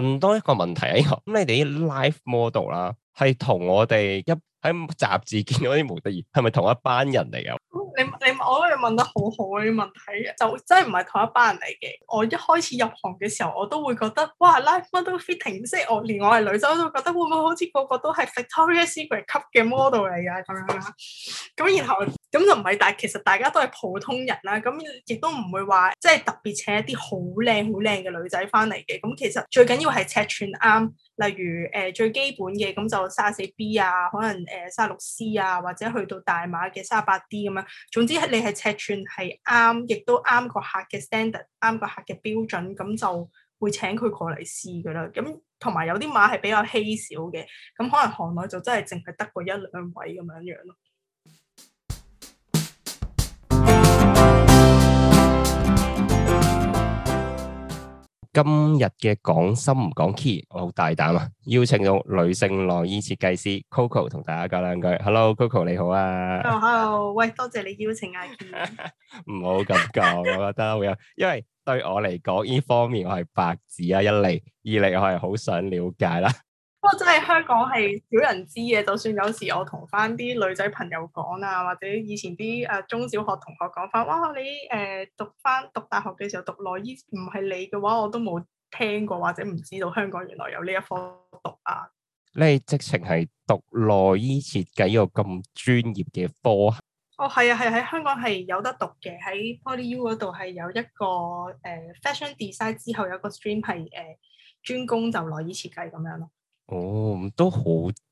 問多一個問題啊！咁你哋啲 life model 啦，係同我哋一喺雜誌見到啲模特兒係咪同一班人嚟㗎？你你我覺得問得好好嗰啲問題，就真係唔係同一班人嚟嘅。我一開始入行嘅時候，我都會覺得哇，live model fitting，即係我連我係女仔都覺得會唔會好似個個都係 Victoria Secret 級嘅 model 嚟㗎咁樣啦。咁然後咁就唔係，但係其實大家都係普通人啦。咁亦都唔會話即係特別請一啲好靚好靚嘅女仔翻嚟嘅。咁其實最緊要係尺寸啱。例如誒、呃、最基本嘅咁就卅四 B 啊，可能誒卅六 C 啊，或者去到大碼嘅卅八 D 咁樣。總之係你係尺寸係啱，亦都啱個客嘅 standard，啱個客嘅標準，咁就會請佢過嚟試㗎啦。咁同埋有啲碼係比較稀少嘅，咁可能行內就真係淨係得嗰一兩位咁樣樣咯。今日嘅講心唔講 key，我好大膽啊！邀請咗女性內衣設計師 Coco 同大家講兩句。Hello，Coco 你好啊！Oh, hello，喂，多謝你邀請啊！唔好咁講， 我覺得會有，因為對我嚟講呢方面我係白紙啊，一嚟二嚟我係好想了解啦，啊。不過！真係香港係少人知嘅，就算有時我同翻啲女仔朋友講啊，或者以前啲誒中小學同學講翻，哇！你誒、呃、讀翻讀大學嘅時候讀內衣，唔係你嘅話，我都冇聽過或者唔知道香港原來有呢一科讀啊！你直情係讀內衣設計個咁專業嘅科？哦，係啊，係喺、啊啊啊、香港係有得讀嘅，喺 Poly U 嗰度係有一個誒、呃、fashion design 之後有一個 stream 係誒、呃、專攻就內衣設計咁樣咯。哦，都好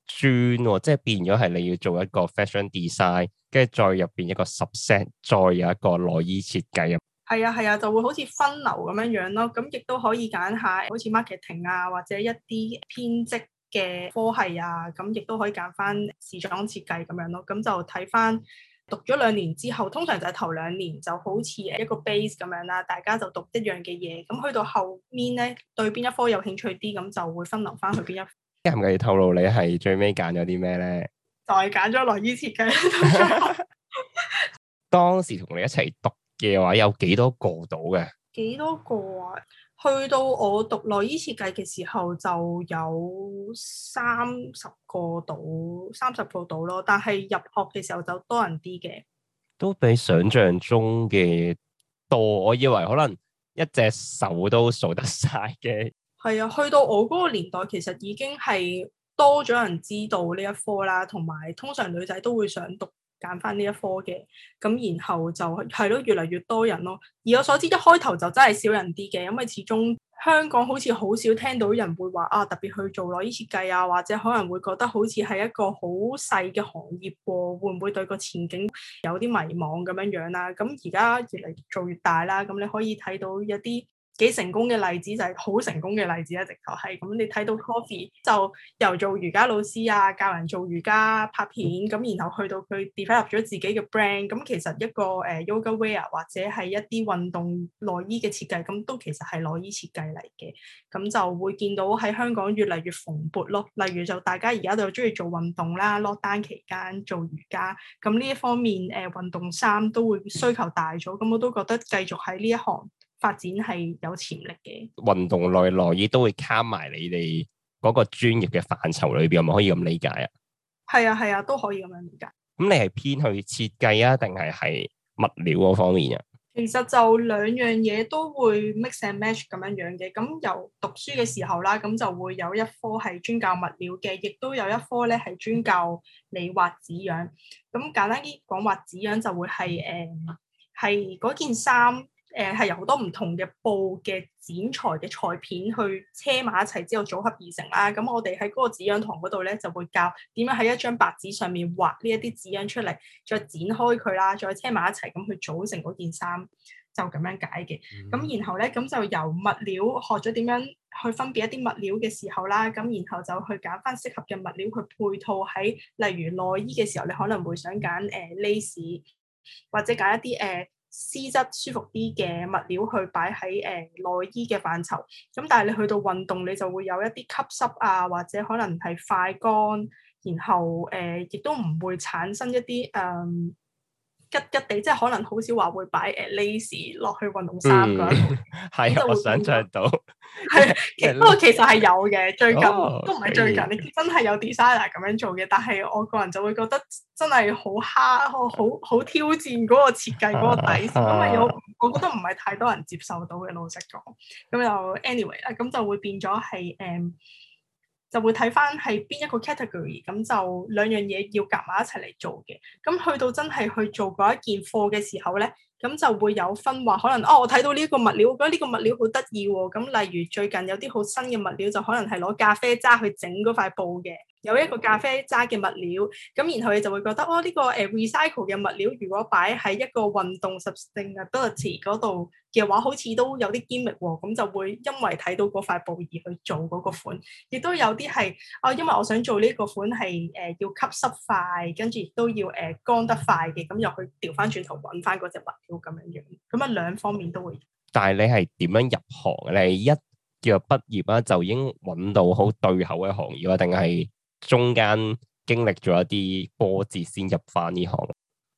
專，即係變咗係你要做一個 fashion design，跟住再入邊一個 subset，再有一個內衣設計。係啊係啊，就會好似分流咁樣樣咯。咁亦都可以揀下，好似 marketing 啊，或者一啲編織嘅科系啊，咁亦都可以揀翻時裝設計咁樣咯。咁就睇翻讀咗兩年之後，通常就係頭兩年就好似一個 base 咁樣啦，大家就讀一樣嘅嘢。咁去到後面咧，對邊一科有興趣啲，咁就會分流翻去邊一科。咁唔介意透露你係最尾揀咗啲咩咧？就係揀咗內衣設計。 當時同你一齊讀嘅話，有幾多個到嘅？幾多個啊？去到我讀內衣設計嘅時候，就有三十個到三十個到咯。但係入學嘅時候就多人啲嘅，都比想象中嘅多。我以為可能一隻手都數得晒嘅。係啊，去到我嗰個年代，其實已經係多咗人知道呢一科啦，同埋通常女仔都會想讀揀翻呢一科嘅，咁然後就係咯，越嚟越多人咯。而我所知，一開頭就真係少人啲嘅，因為始終香港好似好少聽到人會話啊，特別去做內衣設計啊，或者可能會覺得好似係一個好細嘅行業喎、啊，會唔會對個前景有啲迷茫咁樣樣、啊、啦？咁而家越嚟越做越大啦，咁你可以睇到一啲。幾成功嘅例子就係好成功嘅例子，一直都係咁。你睇到 Coffee 就由做瑜伽老師啊，教人做瑜伽、拍片，咁然後去到佢 develop 咗自己嘅 brand。咁其實一個誒 yoga wear 或者係一啲運動內衣嘅設計，咁都其實係內衣設計嚟嘅。咁就會見到喺香港越嚟越蓬勃咯。例如就大家而家就鍾意做運動啦，lockdown 期間做瑜伽，咁呢一方面誒運動衫都會需求大咗。咁我都覺得繼續喺呢一行。發展係有潛力嘅，運動內內衣都會卡埋你哋嗰個專業嘅範疇裏邊，可唔可以咁理解啊？係啊，係啊，都可以咁樣理解。咁你係偏去設計啊，定係係物料嗰方面啊？其實就兩樣嘢都會 mix and match 咁樣樣嘅。咁由讀書嘅時候啦，咁就會有一科係專教物料嘅，亦都有一科咧係專教你畫紙樣。咁簡單啲講，畫紙樣就會係誒係嗰件衫。誒係、呃、由好多唔同嘅布嘅剪裁嘅裁片去車埋一齊之後組合而成啦。咁我哋喺嗰個紙樣堂嗰度咧，就會教點樣喺一張白紙上面畫呢一啲紙樣出嚟，再剪開佢啦，再車埋一齊咁去組成嗰件衫，就咁樣解嘅。咁、嗯、然後咧，咁就由物料學咗點樣去分別一啲物料嘅時候啦，咁然後就去揀返適合嘅物料去配套喺，例如內衣嘅時候，你可能會想揀誒蕾絲或者揀一啲誒。呃絲質舒服啲嘅物料去擺喺誒內衣嘅範疇。咁、嗯、但係你去到運動你就會有一啲吸濕啊，或者可能係快乾，然後誒亦、呃、都唔會產生一啲誒。嗯一一地，即係可能好少話會擺誒 lace 落去運動衫咁，係我想像到，係， 不過其實係、 哦、有嘅。最近都唔係最近，okay. 真係有 designer 咁樣做嘅，但係我個人就會覺得真係好蝦，好好挑戰嗰個設計嗰個底，咁咪、啊、有，我覺得唔係太多人接受到嘅老實講。咁又 anyway 啦，咁就會變咗係誒。嗯就會睇翻係邊一個 category，咁就兩樣嘢要夾埋一齊嚟做嘅。咁去到真係去做嗰一件貨嘅時候咧，咁就會有分話可能哦，我睇到呢一個物料，我覺得呢個物料好得意喎。咁例如最近有啲好新嘅物料，就可能係攞咖啡渣去整嗰塊布嘅。有一個咖啡渣嘅物料，咁然後你就會覺得哦，呢、這個誒 recycle 嘅物料，如果擺喺一個運動 sustainability 嗰度嘅話，好似都有啲堅力喎，咁、哦、就會因為睇到嗰塊布而去做嗰個款。亦都有啲係哦，因為我想做呢個款係誒、呃、要吸濕快，跟住亦都要誒乾、呃、得快嘅，咁又去調翻轉頭揾翻嗰隻物料咁樣樣。咁啊，兩方面都會。但係你係點樣入行咧？你一結業畢業啦，就已經揾到好對口嘅行業啊？定係？中間經歷咗一啲波折先入翻呢行，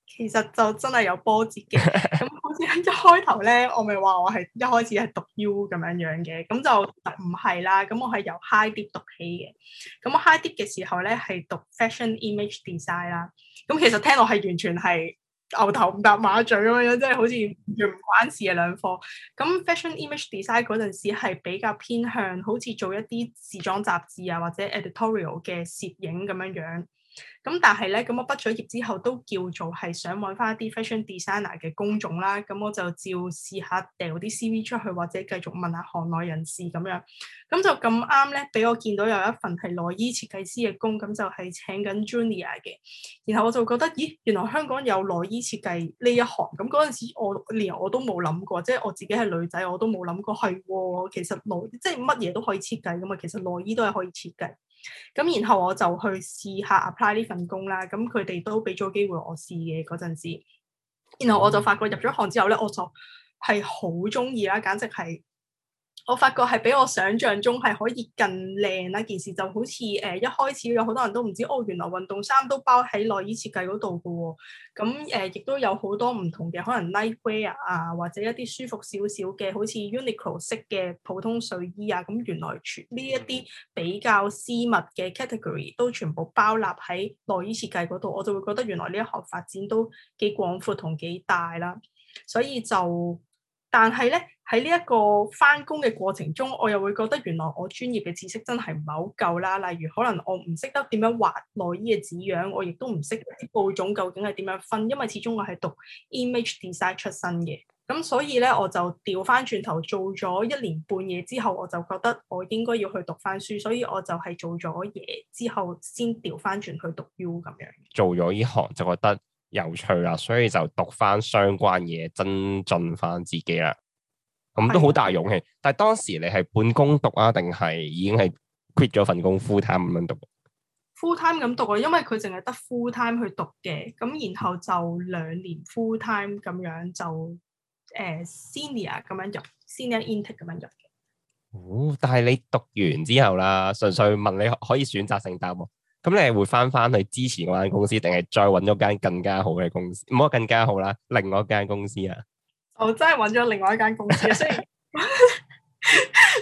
其實就真係有波折嘅。咁 好似一開頭咧，我咪話我係一開始係讀 U 咁樣樣嘅，咁就唔係啦。咁我係由 high dip 讀起嘅。咁我 high dip 嘅時候咧係讀 fashion image design 啦。咁其實聽落係完全係。牛頭唔搭馬嘴咁樣，即係好似完唔關事嘅兩科。咁 fashion image design 嗰陣時係比較偏向，好似做一啲時裝雜誌啊或者 editorial 嘅攝影咁樣樣。咁但係咧，咁我畢咗業之後都叫做係想揾翻一啲 fashion designer 嘅工種啦。咁我就照試下掉啲 CV 出去，或者繼續問下行內人士咁樣。咁就咁啱咧，俾我見到有一份係內衣設計師嘅工，咁就係請緊 junior 嘅。然後我就覺得，咦，原來香港有內衣設計呢一行。咁嗰陣時我連我都冇諗過，即係我自己係女仔，我都冇諗過係。其實內即係乜嘢都可以設計㗎嘛，其實內衣都係可以設計。咁然後我就去試下 apply 呢份工啦，咁佢哋都俾咗機會我試嘅嗰陣時，然後我就發覺入咗行之後咧，我就係好中意啦，簡直係。我發覺係比我想象中係可以更靚啦！件事就好似誒、呃、一開始有好多人都唔知，哦原來運動衫都包喺內衣設計嗰度嘅喎。咁誒亦都有好多唔同嘅可能 nightwear 啊，或者一啲舒服少少嘅，好似 Uniqlo 式嘅普通睡衣啊。咁、嗯嗯、原來全呢一啲比較私密嘅 category 都全部包納喺內衣設計嗰度，我就會覺得原來呢一行發展都幾廣闊同幾大啦。所以就。但係咧，喺呢一個翻工嘅過程中，我又會覺得原來我專業嘅知識真係唔係好夠啦。例如可能我唔識得點樣畫內衣嘅紙樣，我亦都唔識啲布種究竟係點樣分，因為始終我係讀 image design 出身嘅。咁所以咧，我就調翻轉頭做咗一年半嘢之後，我就覺得我應該要去讀翻書，所以我就係做咗嘢之後先調翻轉去讀 U 咁樣。做咗呢行就覺得，有趣啦，所以就讀翻相關嘢，增進翻自己啦。咁都好大勇氣。的但係當時你係半工讀啊，定係已經係 quit 咗份工 full time 咁樣讀？full time 咁讀啊，因為佢淨係得 full time 去讀嘅。咁然後就兩年 full time 咁樣就誒、呃、senior 咁樣入，senior intake 咁樣入。哦，但係你讀完之後啦，純粹問你可,可以選擇性答喎。咁你係會翻翻去支持嗰間公司，定係再揾咗間更加好嘅公司？唔好更加好啦，另外一間公司啊！我真係揾咗另外一間公司啊， 雖然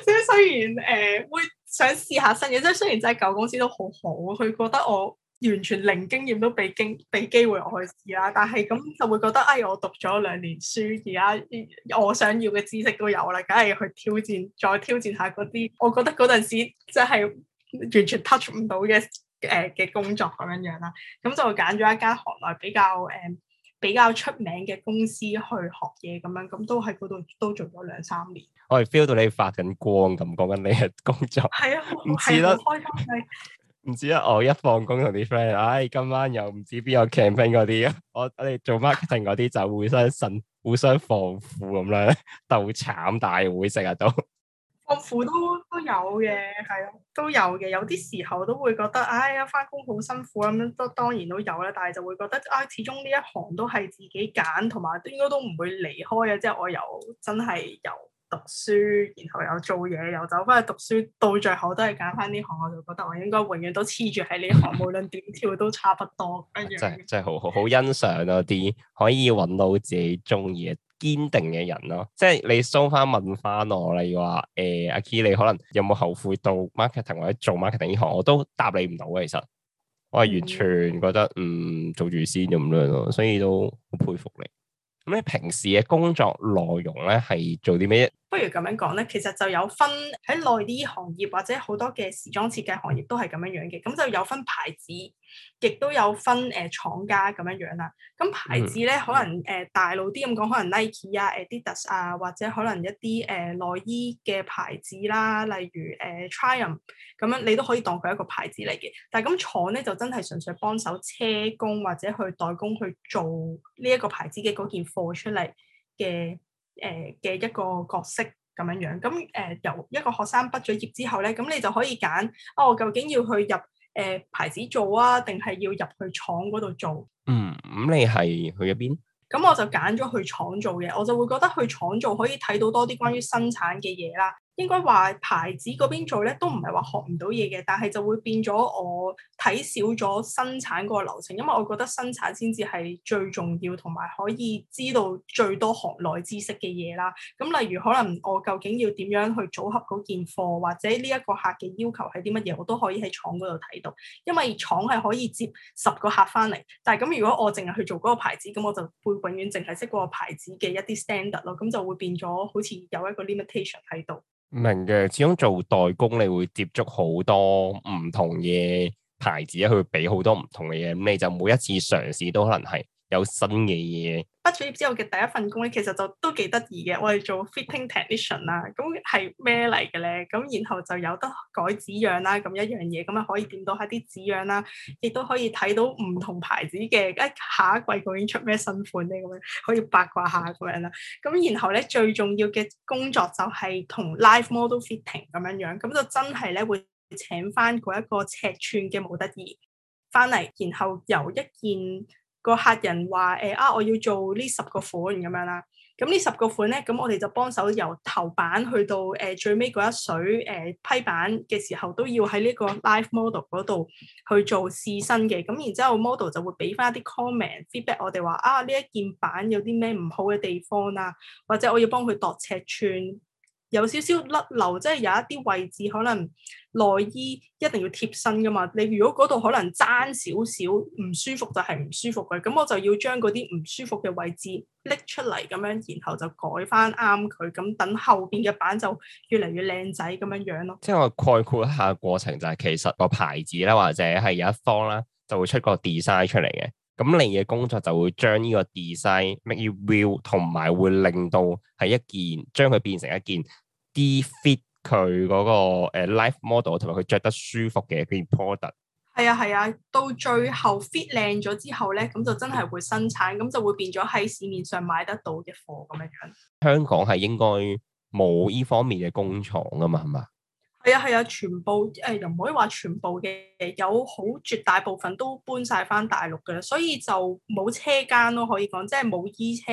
即係雖然誒，會想試下新嘢。即係雖然真係舊公司都好好，佢覺得我完全零經驗都俾經俾機會我去試啦。但係咁就會覺得哎，我讀咗兩年書而家，我想要嘅知識都有啦，梗係去挑戰，再挑戰下嗰啲。我覺得嗰陣時即係、就是、完全 touch 唔到嘅。誒嘅工作咁樣樣啦，咁就揀咗一間行內比較誒、嗯、比較出名嘅公司去學嘢咁樣，咁都喺嗰度都做咗兩三年。我係 feel 到你發緊光咁講緊你嘅工作，係啊，唔知啦，開心啲，唔知啊，我一放工同啲 friend，唉，今晚又唔知邊個 camping 嗰啲，我我哋做 marketing 嗰啲就相 互相呻，互相放負咁樣鬥慘大會成日都放負都。有嘅，係咯，都有嘅。有啲時候都會覺得，哎呀，翻工好辛苦咁樣，都當然都有啦。但係就會覺得，哎，始終呢一行都係自己揀，同埋應該都唔會離開嘅。即係我又真係有。讀書然後又做嘢又走翻去讀書到最後都係揀翻呢行我就覺得我應該永遠都黐住喺呢行 無論點跳都差不多。 跟住真係真係好好好欣賞嗰啲可以揾到自己中意嘅堅定嘅人咯，即係你 so 翻問翻我例如話誒、呃，阿 Key, 你可能有冇後悔到 marketing 或者做 marketing 呢行？我都答你唔到嘅，其實我係完全覺得嗯,嗯做住先咁樣咯，所以都好佩服你。咁你平時嘅工作內容咧係做啲咩？不如咁樣講咧，其實就有分喺內衣行業或者好多嘅時裝設計行業都係咁樣樣嘅，咁就有分牌子，亦都有分誒、呃、廠家咁樣樣啦。咁牌子咧，可能誒、呃、大路啲咁講，可能 Nike 啊、Adidas 啊，或者可能一啲誒內衣嘅牌子啦，例如誒 Triumph 咁樣，你都可以當佢一個牌子嚟嘅。但係咁廠咧，就真係純粹幫手車工或者去代工去做呢一個牌子嘅嗰件貨出嚟嘅。誒嘅、呃、一個角色咁樣樣，咁、呃、誒由一個學生畢咗業之後咧，咁你就可以揀，啊、哦、我究竟要去入誒、呃、牌子做啊，定係要入去廠嗰度做？嗯，嗯，咁你係去邊？咁、嗯、我就揀咗去廠做嘅，我就會覺得去廠做可以睇到多啲關於生產嘅嘢啦。應該話牌子嗰邊做咧，都唔係話學唔到嘢嘅，但係就會變咗我睇少咗生產嗰個流程，因為我覺得生產先至係最重要，同埋可以知道最多行內知識嘅嘢啦。咁、嗯、例如可能我究竟要點樣去組合嗰件貨，或者呢一個客嘅要求係啲乜嘢，我都可以喺廠嗰度睇到，因為廠係可以接十個客翻嚟。但係咁如果我淨係去做嗰個牌子，咁我就會永遠淨係識嗰個牌子嘅一啲 standard 咯，咁、嗯、就會變咗好似有一個 limitation 喺度。明嘅，始終做代工，你會接觸好多唔同嘅牌子啊，佢會俾好多唔同嘅嘢，咁你就每一次嘗試都可能係。有新嘅嘢。畢咗業之後嘅第一份工咧，其實就都幾得意嘅。我哋做 fitting technician 啦，咁係咩嚟嘅咧？咁然後就有得改紙樣啦，咁一樣嘢，咁啊可以掂到下啲紙樣啦，亦都可以睇到唔同牌子嘅一、哎、下一季究竟出咩新款咧，咁樣可以八卦下咁樣啦。咁然後咧最重要嘅工作就係同 live model fitting 咁樣樣，咁就真係咧會請翻嗰一個尺寸嘅模特兒翻嚟，然後由一件。個客人話：誒啊，我要做呢十個款咁樣啦。咁呢十個款咧，咁我哋就幫手由頭版去到誒、啊、最尾嗰一水誒、啊、批版嘅時候，都要喺呢個 live model 嗰度去做試身嘅。咁然之後 model 就會俾翻一啲 comment feedback，我哋話啊，呢一件版有啲咩唔好嘅地方啊，或者我要幫佢度尺寸，有少少甩漏，即係有一啲位置可能內衣一定要貼身噶嘛。你如果嗰度可能爭少少唔舒服，就係唔舒服佢。咁我就要將嗰啲唔舒服嘅位置拎出嚟咁樣，然後就改翻啱佢。咁等後邊嘅版就越嚟越靚仔咁樣樣咯。即係我概括一下過程，就是，就係其實個牌子啦，或者係有一方啦，就會出個 design 出嚟嘅。咁你嘅工作就會將呢個 design make it real，同埋會令到係一件將佢變成一件。啲 fit 佢嗰，那個，uh, life model 同埋佢着得舒服嘅嗰件 product。係啊，係啊。到最後 fit 靚咗之後咧，咁就真係會生產，咁就會變咗喺市面上買得到嘅貨咁樣樣。香港係應該冇依方面嘅工廠啊嘛係嘛？係啊，係啊，全部誒又唔可以話全部嘅，有好絕大部分都搬晒返大陸噶啦，所以就冇車間咯，可以講，即係冇衣車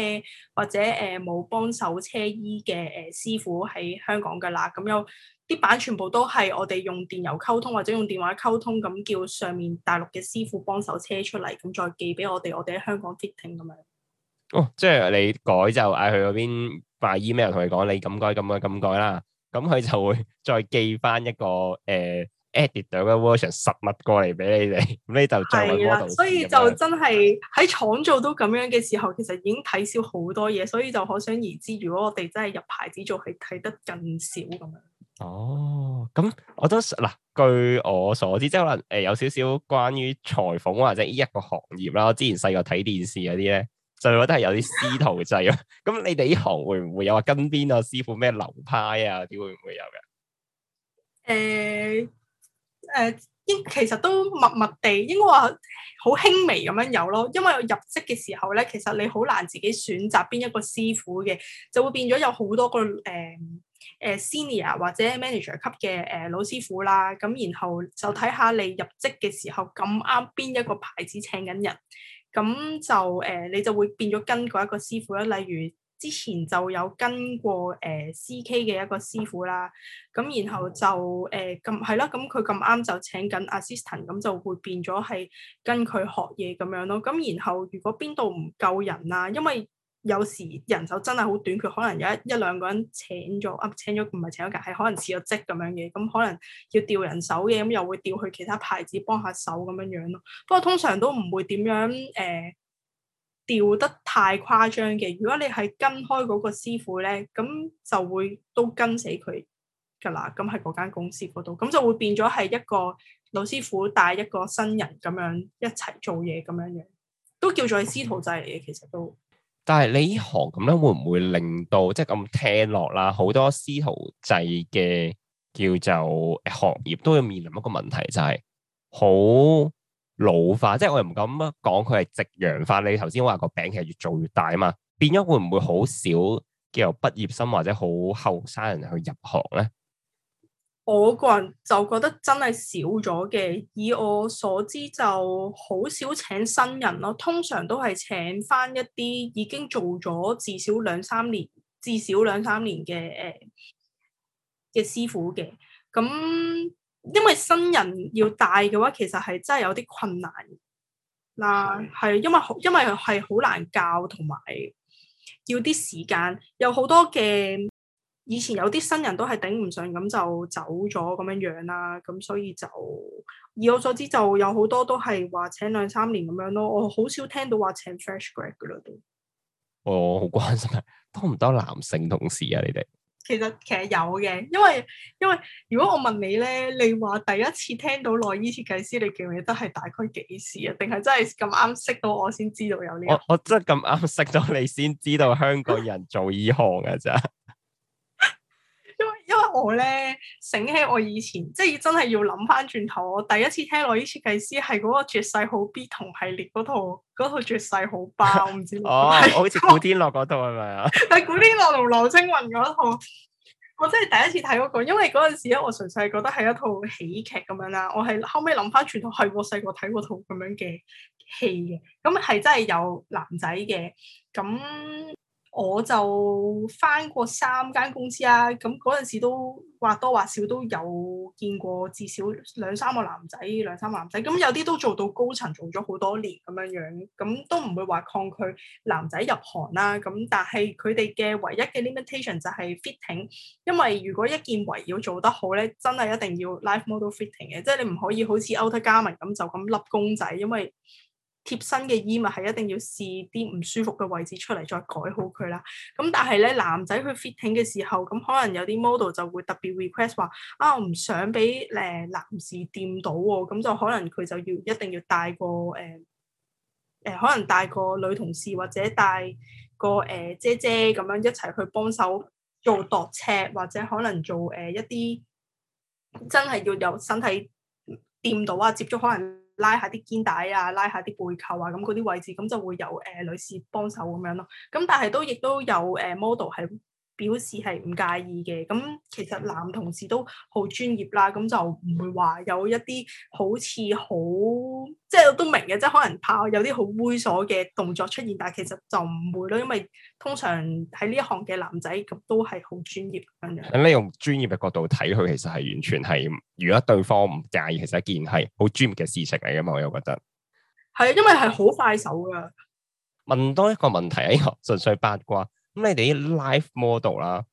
或者誒冇、呃、幫手車衣嘅誒、呃、師傅喺香港噶啦。咁有啲版全部都係我哋用電郵溝通或者用電話溝通，咁叫上面大陸嘅師傅幫手車出嚟，咁再寄俾我哋，我哋喺香港 fitting 咁樣。哦，即係你改就嗌佢嗰邊發 email 同佢講，你咁改咁改咁改啦。咁佢就會再寄翻一個誒 edit 掉嘅 version 實物過嚟俾你哋，呢就就所以就真係喺廠做到咁樣嘅時候，其實已經睇少好多嘢，所以就可想而知，如果我哋真係入牌子做，係睇得更少咁樣。哦，咁我覺得嗱，據我所知，即係可能誒有少少關於裁縫或者呢一個行業啦。我之前細個睇電視有啲嘢。就覺得係有啲師徒制咯。咁 你哋呢行會唔會有話跟邊個師傅、咩流派啊？點會唔會有嘅？誒誒、呃，應、呃、其實都默默地應該話好輕微咁樣有咯。因為入職嘅時候咧，其實你好難自己選擇邊一個師傅嘅，就會變咗有好多個誒誒、呃呃、senior 或者 manager 級嘅誒、呃、老師傅啦。咁然後就睇下你入職嘅時候咁啱邊一個牌子請緊人。咁就誒，uh, 你就會變咗跟過一個師傅啦。例如之前就有跟過誒、uh, CK 嘅一個師傅啦。咁然後就誒咁係啦，咁佢咁啱就請緊 assistant，咁就會變咗係跟佢學嘢咁樣咯。咁然後如果邊度唔夠人啊，因為。有時人手真係好短缺，可能有一一兩個人請咗，請咗唔係請咗㗎，係可能辭咗職咁樣嘅，咁可能要調人手嘅，咁又會調去其他牌子幫下手咁樣樣咯。不過通常都唔會點樣誒、呃、調得太誇張嘅。如果你係跟開嗰個師傅咧，咁就會都跟死佢㗎啦。咁喺嗰間公司嗰度，咁就會變咗係一個老師傅帶一個新人咁樣一齊做嘢咁樣樣，都叫做師徒制嚟嘅，其實都。但係你呢行咁樣，會唔會令到即係咁聽落啦？好多司徒制嘅叫做行業都要面臨一個問題，就係、是、好老化，即係我又唔敢講佢係夕陽化。你頭先話個餅其實越做越大啊嘛，變咗會唔會好少叫由畢業生或者好後生人去入行咧？我個人就覺得真係少咗嘅，以我所知就好少請新人咯，通常都係請返一啲已經做咗至少兩三年，至少兩三年嘅誒嘅師傅嘅。咁因為新人要帶嘅話，其實係真係有啲困難嗱，係嘅，因為好因為係好難教，同埋要啲時間，有好多嘅。以前有啲新人都係頂唔順，咁就走咗咁樣樣、啊、啦。咁所以就以我所知，就有好多都係話請兩三年咁樣咯。我好少聽到話請 fresh grad 嘅咯都。我好、哦、關心啊，多唔多男性同事啊？你哋其實其實有嘅，因為因為如果我問你咧，你話第一次聽到內衣設計師，你記唔記得係大概幾時啊？定係真係咁啱識到我先知道有呢、這個？我我真係咁啱識咗你先知道香港人做呢行嘅咋。 因為我咧醒起我以前即係真係要諗翻轉頭，我第一次聽落啲設計師係嗰個絕世好 B 同系列嗰套嗰套絕世好 Bra」是是，唔知哦， 好似古天樂嗰套係咪啊？係 古天樂同劉青雲嗰套，我真係第一次睇嗰個，因為嗰陣時咧我純粹覺得係一套喜劇咁樣啦。我係後尾諗翻轉頭，係我細個睇過套咁樣嘅戲嘅，咁係真係有男仔嘅咁。我就翻過三間公司啊，咁嗰陣時都或多或少都有見過，至少兩三個男仔，兩三個男仔，咁有啲都做到高層，做咗好多年咁樣樣，咁都唔會話抗拒男仔入行啦。咁但係佢哋嘅唯一嘅 limitation 就係 fitting，因為如果一件圍繞做得好咧，真係一定要 live model fitting 嘅，即係你唔可以好似 outer garment 咁就咁笠公仔，因為。貼身嘅衣物係一定要試啲唔舒服嘅位置出嚟再改好佢啦。咁但係咧男仔去 fitting 嘅時候，咁可能有啲 model 就會特別 request 話啊，我唔想俾誒、呃、男士掂到喎、哦，咁就可能佢就要一定要帶個誒誒、呃呃，可能帶個女同事或者帶個誒、呃、姐姐咁樣一齊去幫手做度尺，或者可能做誒、呃、一啲真係要有身體掂到啊，接觸可能。拉下啲肩帶啊，拉下啲背扣啊，咁嗰啲位置，咁就會有誒、呃、女士幫手咁樣咯。咁但係都亦都有誒 model 係。呃表示係唔介意嘅，咁其實男同事都好專業啦，咁就唔會話有一啲好似好，即係都明嘅，即係可能怕有啲好猥瑣嘅動作出現，但係其實就唔會咯，因為通常喺呢一行嘅男仔咁都係好專業。咁你用專業嘅角度睇佢，其實係完全係，如果對方唔介意，其實一件係好專業嘅事情嚟噶嘛，我又覺得係，因為係好快手噶。問多一個問題啊，哎，純粹八卦。咁你哋啲 live model 啦，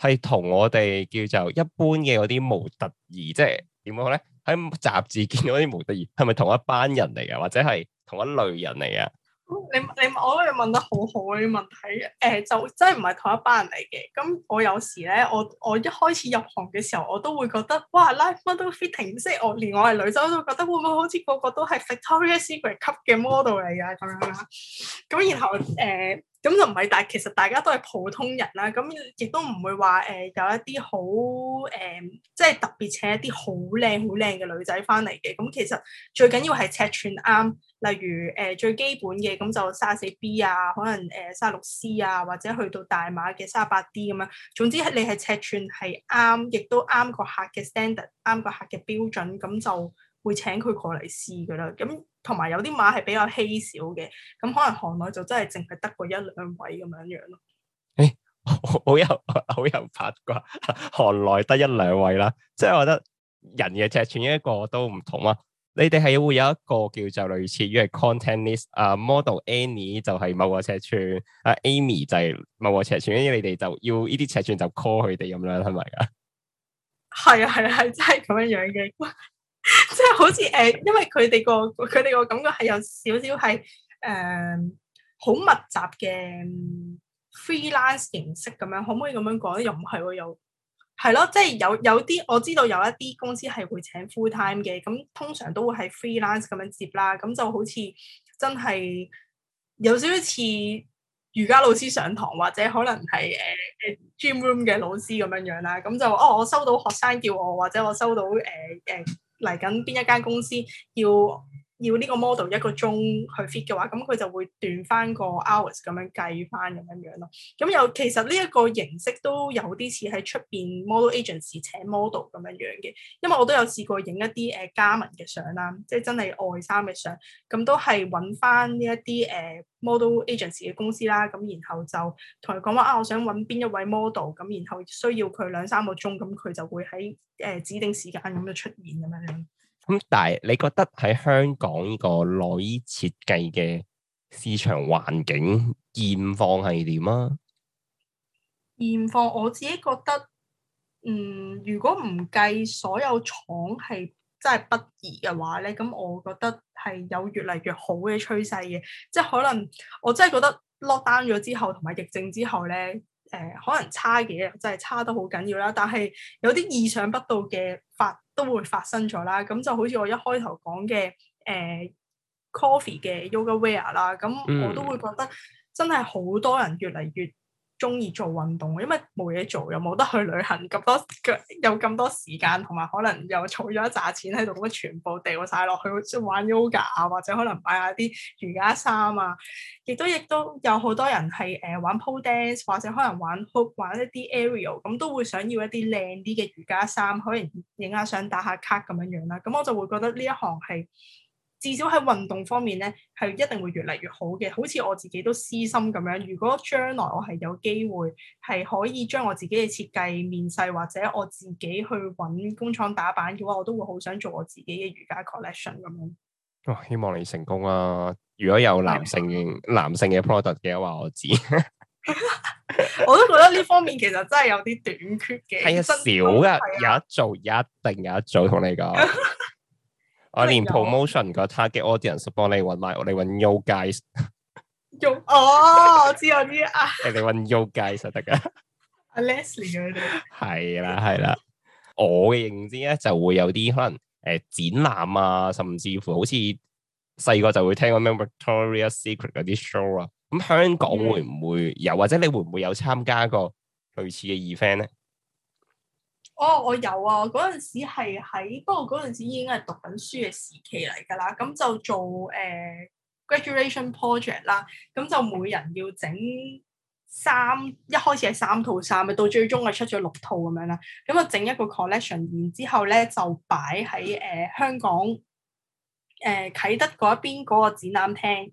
係同我哋叫做一般嘅嗰啲模特兒，即係點講咧？喺雜誌見到啲模特兒，係咪同一班人嚟嘅，或者係同一類人嚟嘅？你你我你問得好好啲問題，誒、呃，就真係唔係同一班人嚟嘅。咁我有時咧，我我一開始入行嘅時候，我都會覺得，哇 live model fitting，即係我連我係女生都覺得，會唔會好似個個都係 Victoria Secret 級嘅 model 嚟啊？咁樣啦，咁然後誒。呃咁就唔係，但係其實大家都係普通人啦，咁亦都唔會話誒有一啲好誒，即係特別請一啲好靚好靚嘅女仔翻嚟嘅。咁其實最緊要係尺寸啱，例如誒最基本嘅咁就三四 B 啊，可能誒卅六 C 啊，或者去到大碼嘅卅八 D 咁樣。總之係你係尺寸係啱，亦都啱個客嘅 standard 啱個客嘅標準，咁就。會請佢過嚟試噶啦，咁同埋有啲碼係比較稀少嘅，咁可能行內就真係淨係得個一兩位咁樣樣咯。誒、欸，好有好有八卦，行內得一兩位啦，即係我覺得人嘅尺寸一個都唔同啊。你哋係會有一個叫做類似於係 content list 啊，model Annie 就係某個尺寸，啊 Amy 就係某個尺寸，因為你哋就要呢啲尺寸就 call 佢哋咁樣，係咪啊？係啊係啊係，真係咁樣樣嘅。 即係好似誒，uh, 因為佢哋個佢哋個感覺係有少少係誒好密集嘅，um, freelance 形式咁樣，可唔可以咁樣講？又唔係喎，又係咯，即係有有啲我知道有一啲公司係會請 full time 嘅，咁、嗯、通常都會係 freelance 咁樣接啦。咁、嗯、就好似真係有少少似瑜伽老師上堂，或者可能係誒誒 gym room 嘅老師咁樣樣啦。咁、嗯、就哦，我收到學生叫我，或者我收到誒誒。Uh, uh, 嚟緊邊一間公司要？要呢個 model 一個鐘去 fit 嘅話，咁佢就會斷翻個 hours 咁樣計翻咁樣樣咯。咁又其實呢一個形式都有啲似喺出邊 model agents 請 model 咁樣樣嘅。因為我都有試過影一啲誒加文嘅相啦，即係真係外衫嘅相，咁都係揾翻呢一啲誒 model agents 嘅公司啦。咁然後就同佢講話啊，我想揾邊一位 model，咁然後需要佢兩三個鐘，咁佢就會喺誒、呃、指定時間咁樣出現咁樣樣。咁但係你覺得喺香港呢個內衣設計嘅市場環境現況係點啊？現況我自己覺得，嗯，如果唔計所有廠係真係北移嘅話咧，咁我覺得係有越嚟越好嘅趨勢嘅，即係可能我真係覺得 lock down 咗之後同埋疫症之後咧。誒、呃、可能差嘅真係差得好緊要啦，但係有啲意想不到嘅發都會發生咗啦。咁就好似我一開頭講嘅誒、呃、coffee 嘅 yoga wear 啦，咁我都會覺得真係好多人越嚟越～中意做運動，因為冇嘢做，又冇得去旅行，咁多有咁多時間，同埋可能又儲咗一紮錢喺度，咁樣全部掉晒落去，即玩 yoga 啊，或者可能買下啲瑜伽衫啊，亦都亦都有好多人係誒、呃、玩 pole dance，或者可能玩 po，玩一啲 aerial 咁、嗯、都會想要一啲靚啲嘅瑜伽衫，可能影下相、打下卡咁樣樣啦。咁、嗯、我就會覺得呢一行係。至少喺運動方面咧，係一定會越嚟越好嘅。好似我自己都私心咁樣，如果將來我係有機會，係可以將我自己嘅設計面世，或者我自己去揾工廠打版嘅話，我都會好想做我自己嘅瑜伽 collection 咁樣。哇、哦！希望你成功啦、啊！如果有男性 男性嘅 product 嘅話，我知， 我都覺得呢方面其實真係有啲短缺嘅，係啊、哎，少噶， 有一做一定有一做同你講。 我連 promotion 個 target audience 幫你搵，我嚟搵 you guys。Yo 哦，我知我知啊，你嚟搵 you guys 就得噶。阿 Leslie 嗰啲。係啦係啦，我嘅認知咧就會有啲可能，誒展覽啊，甚至乎好似細個就會聽過 Victoria Secret 嗰啲 show 啊。咁香港會唔會有？或者你會唔會有參加過類似嘅 event 咧？哦，我有啊！嗰陣時係喺，不過嗰陣時已經係讀緊書嘅時期嚟㗎啦。咁就做誒、呃、graduation project 啦。咁就每人要整三，一開始係三套衫，咪到最終係出咗六套咁樣啦。咁啊整一個 collection，然之後咧就擺喺誒香港誒、呃、啟德嗰一邊嗰個展覽廳。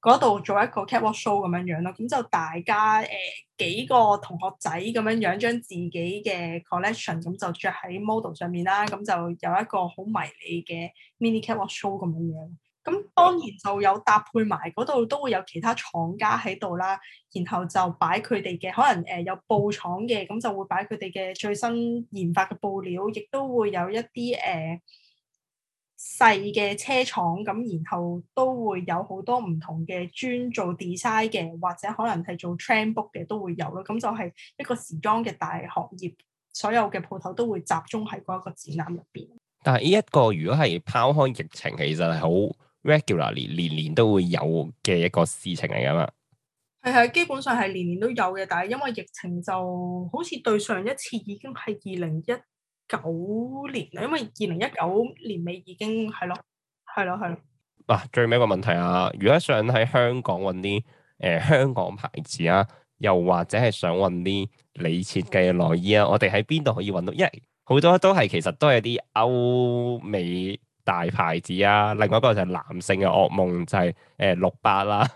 嗰度做一個 catwalk show 咁樣樣咯，咁就大家誒、呃、幾個同學仔咁樣樣將自己嘅 collection 咁就着喺 model 上面啦，咁就有一個好迷你嘅 mini catwalk show 咁樣樣。咁當然就有搭配埋嗰度都會有其他廠家喺度啦，然後就擺佢哋嘅可能誒、呃、有布廠嘅，咁就會擺佢哋嘅最新研發嘅布料，亦都會有一啲誒、呃細嘅車廠咁，然後都會有好多唔同嘅專做 design 嘅，或者可能係做 train book 嘅都會有咯。咁就係一個時裝嘅大行業，所有嘅鋪頭都會集中喺嗰一個展覽入邊。但係呢一個如果係拋開疫情，其實係好 regularly，年年都會有嘅一個事情嚟噶嘛。係係，基本上係年年都有嘅，但係因為疫情就好似對上一次已經係二零一。九年啊，因為二零一九年尾已經係咯，係咯，係咯。嗱，最尾一個問題啊，如果想喺香港揾啲誒香港牌子啊，又或者係想揾啲你設計嘅內衣啊，我哋喺邊度可以揾到？因為好多都係其實都係啲歐美大牌子啊。另外一個就係男性嘅噩夢就係誒六八啦，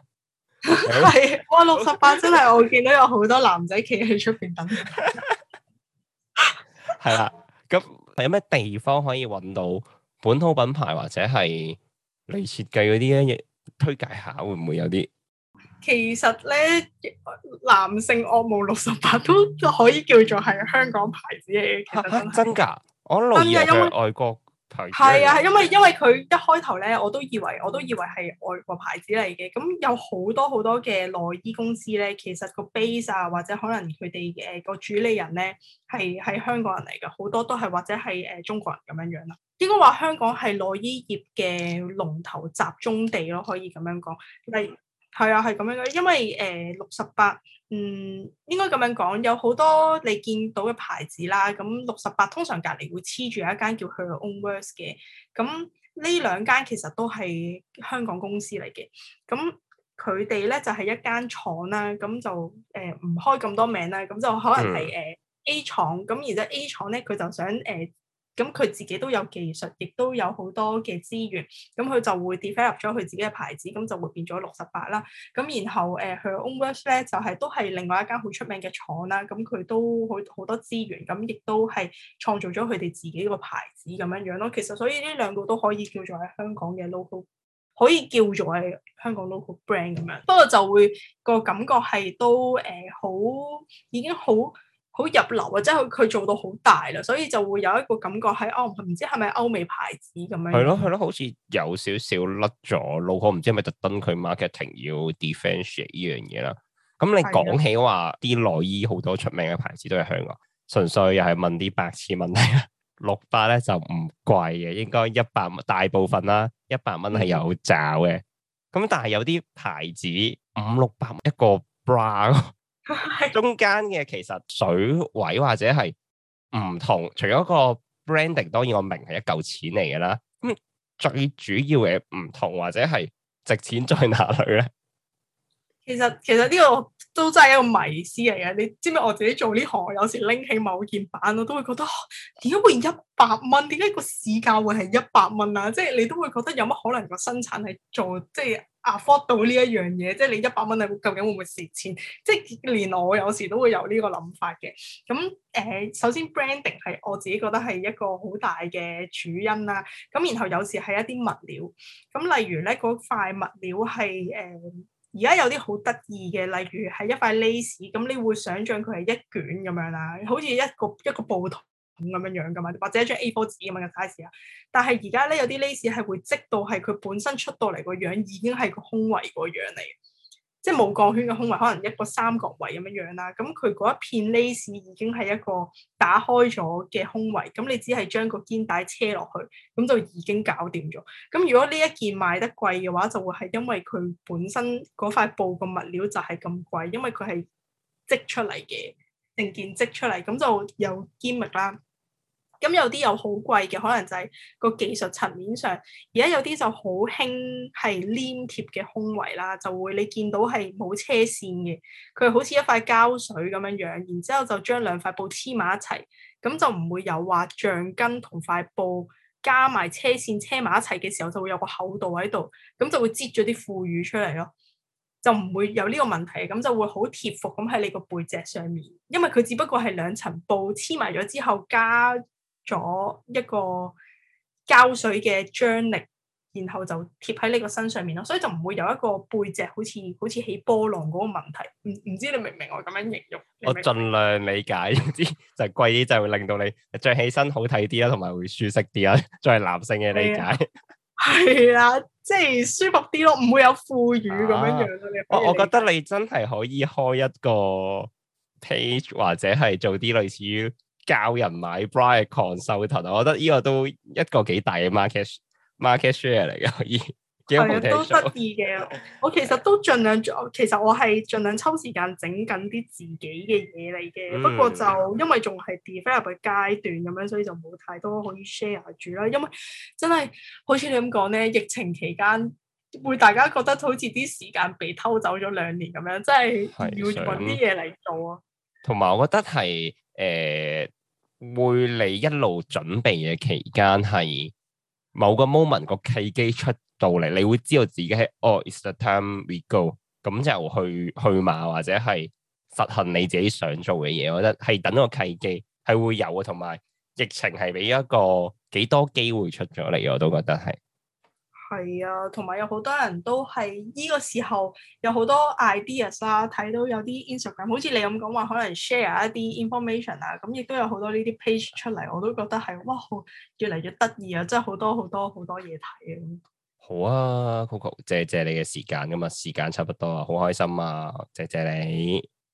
係哇，六十八真係我見到有好多男仔企喺出邊等 係啦。咁有咩地方可以揾到本土品牌或者係你設計嗰啲咧？推介下會唔會有啲？其實咧，男性按夢六十八都可以叫做係香港牌子嘅其實、啊、真真噶，我以為因為外國。係啊，係因為因為佢一開頭咧，我都以為我都以為係外國牌子嚟嘅。咁有好多好多嘅內衣公司咧，其實個 base 啊，或者可能佢哋嘅個主理人咧係喺香港人嚟嘅，好多都係或者係誒、呃、中國人咁樣樣啦。應該話香港係內衣業嘅龍頭集中地咯，可以咁樣講。係係啊，係咁樣嘅，因為誒六十八。呃68。嗯，應該咁樣講，有好多你見到嘅牌子啦。咁六十八通常隔離會黐住一間叫 Her Own Words 嘅。咁呢兩間其實都係香港公司嚟嘅。咁佢哋咧就係、是、一間廠啦。咁就誒唔、呃、開咁多名啦。咁就可能係誒、嗯呃、A 廠。咁而家 A 廠咧佢就想誒。呃咁佢自己都有技術，亦都有好多嘅資源，咁佢就會 develop 咗佢自己嘅牌子，咁就會變咗六十八啦。咁然後誒，佢 Overs 咧就係、是、都係另外一間好出名嘅廠啦。咁佢都好好多資源，咁亦都係創造咗佢哋自己個牌子咁樣樣咯。其實所以呢兩個都可以叫做係香港嘅 local，可以叫做係香港 local brand 咁樣。不過就會、個感覺係都誒、呃、好，已經好。好入流啊！即係佢做到好大啦，所以就會有一個感覺喺哦，唔知係咪歐美牌子咁樣。係咯係咯，好似有少少甩咗路。我唔知係咪特登佢 marketing 要 defend 呢樣嘢啦。咁你講起話啲內衣好多出名嘅牌子都係香港，純粹又係問啲白痴問題。六百咧就唔貴嘅，應該一百大部分啦，一百蚊係有罩嘅。咁但係有啲牌子五六百一個 bra。中間嘅其實水位或者係唔同，除咗個 branding，當然我明係一嚿錢嚟嘅啦。咁、嗯、最主要嘅唔同或者係值錢在哪裏咧？其實其實呢個。都真係一個迷思嚟嘅，你知唔知我自己做呢行，我有時拎起某件板，我都會覺得點解、哦，會一百蚊？點解個市價會係一百蚊啊？即係你都會覺得有乜可能個生產係做即係 afford 到呢一樣嘢？即係你一百蚊係究竟會唔會蝕錢？即係連我有時都會有呢個諗法嘅。咁誒、呃，首先 branding 係我自己覺得係一個好大嘅主因啦。咁然後有時係一啲物料，咁例如咧嗰塊物料係誒。呃而家有啲好得意嘅，例如係一塊蕾絲，咁你會想像佢係一卷咁樣啦，好似一個一個布筒咁樣樣噶嘛，或者一張 A4 紙咁樣嘅 size 啊。但係而家咧有啲蕾絲係會織到係佢本身出到嚟個樣，已經係個胸圍個樣嚟。即係冇鋼圈嘅胸圍，可能一個三角圍咁樣樣啦。咁佢嗰一片 lace 已經係一個打開咗嘅胸圍，咁你只係將個肩帶車落去，咁就已經搞掂咗。咁如果呢一件賣得貴嘅話，就會係因為佢本身嗰塊布個物料就係咁貴，因為佢係織出嚟嘅，成件織出嚟，咁就有堅密啦。咁有啲又好貴嘅，可能就係個技術層面上。而家有啲就好興係黏貼嘅胸圍啦，就會你見到係冇車線嘅，佢好似一塊膠水咁樣樣，然之後就將兩塊布黐埋一齊，咁就唔會有話橡筋同塊布加埋車線黐埋一齊嘅時候就會有個厚度喺度，咁就會擠咗啲腐乳出嚟咯，就唔會有呢個問題，咁就會好貼服咁喺你個背脊上面，因為佢只不過係兩層布黐埋咗之後加咗一個膠水嘅張力，然後就貼喺你個身上面咯，所以就唔會有一個背脊好似好似起波浪嗰個問題。唔唔知你明唔明我咁樣形容？我盡量理解，啲 就貴啲，就是，會令到你着起身好睇啲啊，同埋會舒適啲啊。作為男性嘅理解，係啊，即係、啊就是、舒服啲咯，唔會有副乳咁樣樣我、啊、我覺得你真係可以開一個 page 或者係做啲類似。教人買 Brycon 手頭，我覺得呢個都一個幾大嘅 market market share 嚟嘅， 幾好聽 pot。都得意嘅， 我其實都盡量，其實我係盡量抽時間整緊啲自己嘅嘢嚟嘅。嗯、不過就因為仲係 develop 嘅階段咁樣，所以就冇太多可以 share 住啦。因為真係好似你咁講咧，疫情期間會大家覺得好似啲時間被偷走咗兩年咁樣，真係要搵啲嘢嚟做啊。同埋，我覺得係。誒、哎，會你一路準備嘅期間係某個 moment 個契機出到嚟，你會知道自己係哦，it's the time we go，咁就去去馬或者係實行你自己想做嘅嘢。我覺得係等個契機係會有嘅，同埋疫情係俾一個幾多機會出咗嚟，我都覺得係。係啊，同埋有好多人都係呢、這個時候有好多 ideas 啊，睇到有啲 Instagram，好似你咁講話，可能 share 一啲 information 啊，咁亦都有好多呢啲 page 出嚟，我都覺得係哇，越嚟越得意啊，真係好多好多好多嘢睇啊！好啊 c o c o 謝謝你嘅時間咁嘛，時間差不多啊，好開心啊，謝謝你。